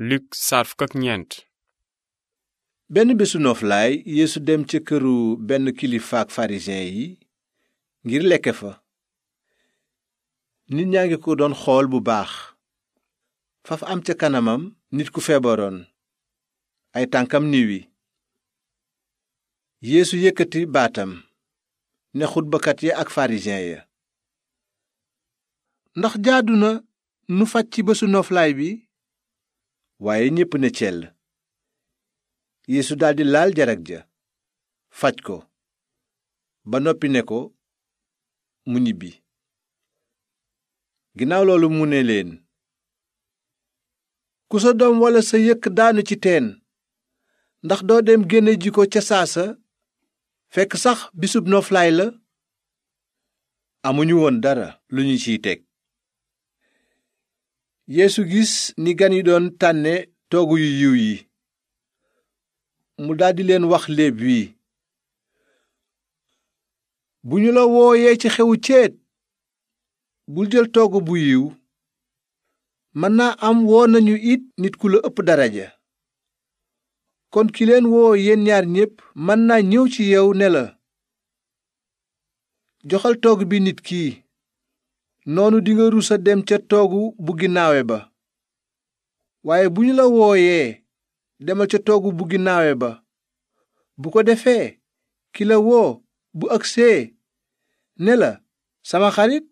Luk saar fukk benn bésu noflaay yéesu dem ca këru benn kilifaak farisiyen yi ngir lekke fa nit ñaa ngi ko doon xool bu baax faf am ca kanamam nit ku feebaroon ay tànkam yi yéesu yëkkati baatam ne xutbakat ya ak farisiyen ya ndax jaadu na nu faj ci bésu noflaay bi waaye ñépp ne cell yéesu daldi laal jarak ja faj ko ba noppi ne ko mu ñibbi ginnaaw loolu mu ne leen ku sa doom walla sa yëkk daanu ci teen ndax doo dem génne ji ko ca saa sa fekk sax bisub noflaay la amuñu woon dara lu ñu ciy teg yeesu gis ni yi doon tànne toogu yu yi mu daldi leen wax léeb wi bu ñu la wooyee ci xewu céet bul jël toogu bu yiw mën naa am woo nañu it nit ku la ëpp daraja kon ki leen woo yéen ñaar ñépp mën naa ñëw ci yow ne la joxal toog bi nit kii noonu dinga rusa dem ca toogu bu ginnaawe ba waaye bu ñu la wooyee demal ca toogu bu ginnaawe ba bu ko defee ki la woo bu agsee ne la sama xarit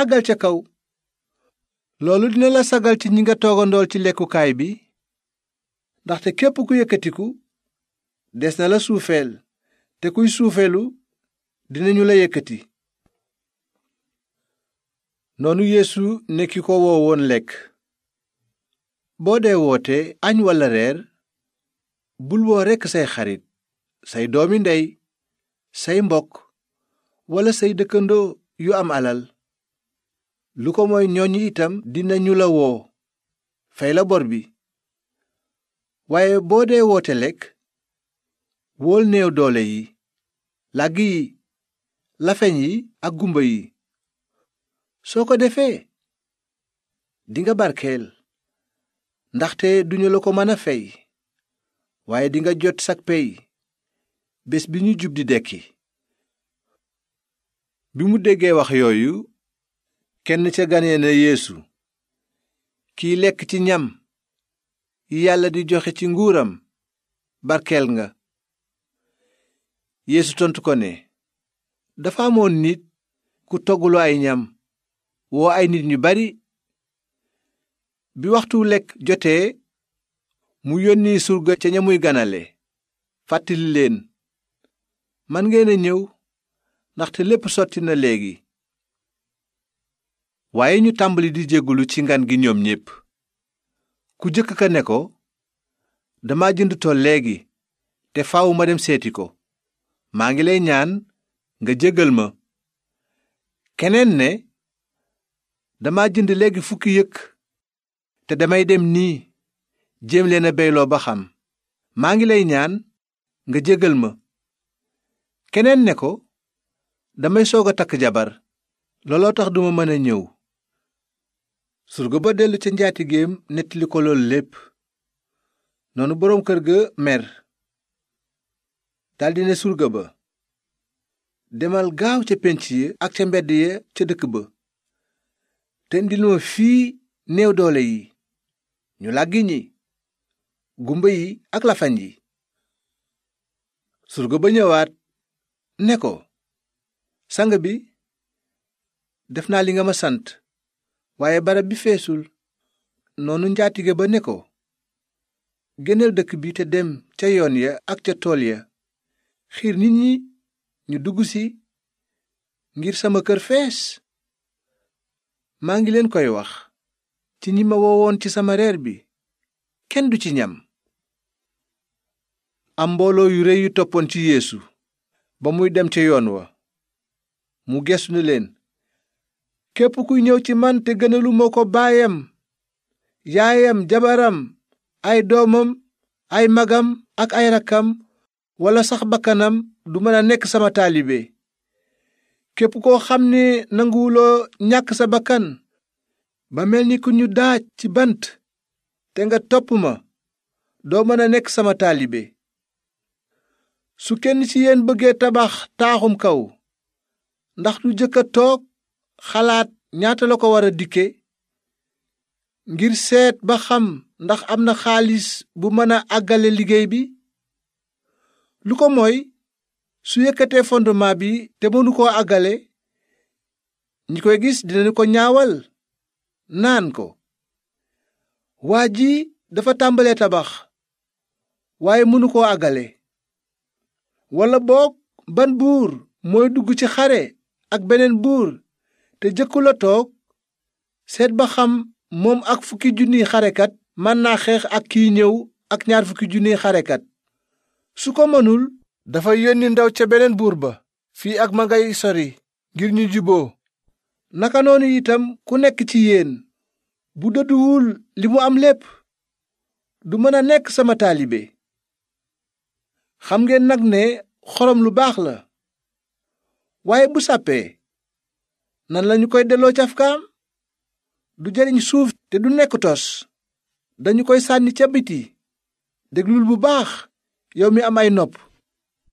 àggal ca kaw loolu dina la sagal ci ñi nga toogandool ci lekkukaay bi ndaxte képp ku yëkkatiku des na la suufeel te kuy suufeelu dinañu la yëkkati noonu yéesu ne ki ko woo woon lekk boo dee woote añ walla reer bul woo rekk say xarit say doomi ndey say mbokk walla say dëkkandoo yu am alal lu ko mooy ñooñu itam dinañu la woo fay la bor bi waaye boo dee woote lekk wool neew doole yi làgg yi lafeñ yi ak gumba yi soo ko defee dinga barkeel ndaxte duñu la ko mën a fey waaye dinga jot sak pey bés bi ñu jub di dekki bi mu déggee wax yooyu kenn ca ganee na yeesu kiy lekk ci ñam yi yàlla di joxe ci nguuram barkeel nga yeesu tontu ko ne dafa amoon nit ku toggulu ay ñam woo ay nit ñu bari bi waxtu lekk jotee mu yónni surga ca ña muy ganale fàttali leen man ngeen a ñëw ndaxte lépp sotti na léegi waaye ñu tàmbali di jéggulu ci ngan gi ñoom ñépp ku jëkk ka ne ko dama jënd tool léegi te faaw ma dem seeti ko maa ngi lay ñaan nga jéggal ma keneen ne dama jënd léegi fukki yëkk te damay dem nii jéem leen a beyloo ba xam maa ngi lay ñaan nga jégal ma keneen ne ko damay soog a takk jabar looloo tax duma mën a ñëw surga ba dellu ca njaatigeem nettali ko loolu lépp noonu boroom kër ga mer daldi ne surga ba demal gaaw ca pénc yi ak ca mbedd ya ca dëkk ba te ndinoo fii néew doole yi ñu làggi ñi gumba yi ak lafañ yi surga ba ñëwaat ne ko sang bi def naa li nga ma sant waaye barab bi feesul noonu njaatige ba ne ko génneel dëkk bi te dem ca yoon ya ak ca tool ya xiir nit ñi ñu dugg si ngir sama kër fees maa ngi leen koy wax ci ñi ma woowoon ci sama reer bi kenn du ci ñam am mbooloo yu rëy yu toppoon ci yéesu ba muy dem ca yoon wa mu gestu ne leen képp kuy ñëw ci man te gënalu ma ko baayam yaayam jabaram ay doomam ay magam ak ay rakkam walla sax bakkanam du mën a nekk sama taalibe képp koo xam ne nanguwuloo ñàkk sa bakkan ba mel ni ku ñu daaj ci bant te nga topp ma doo mën a nekk sama taalibe su kenn ci yéen bëggee tabax taaxum kaw ndax lu jëkk a toog xalaat ñaata la ko war a dikke ngir seet ba xam ndax am na xaalis bu mën a àggale liggéey bi lu ko mooy su yëkkatee fondement bi te mënu koo àggale ñi koy gis dinañu ko ñaawal naan ko waa ji dafa tàmbalee tabax waaye mënu koo àggale walla boog ban buur mooy dugg ci xare ak beneen buur te jëkkul a toog seet ba xam moom ak fukki junniy xarekat mën naa xeex ak kiy ñëw ak ñaar fukki junniy xarekat su ko mënul dafa yónni ndaw ca beneen buur ba fii ak ma ngay sori ngir ñu juboo naka noonu itam ku nekk ci yéen bu dëdduwul li mu am lépp du mën a nekk sama taalibe xam ngeen nag ne xorom lu baax la waaye bu sàppee nan lañu koy delloo cafkaam du jariñ suuf te du nekk tos dañu koy sànni ca biti déglul bu baax yow mi am ay nopp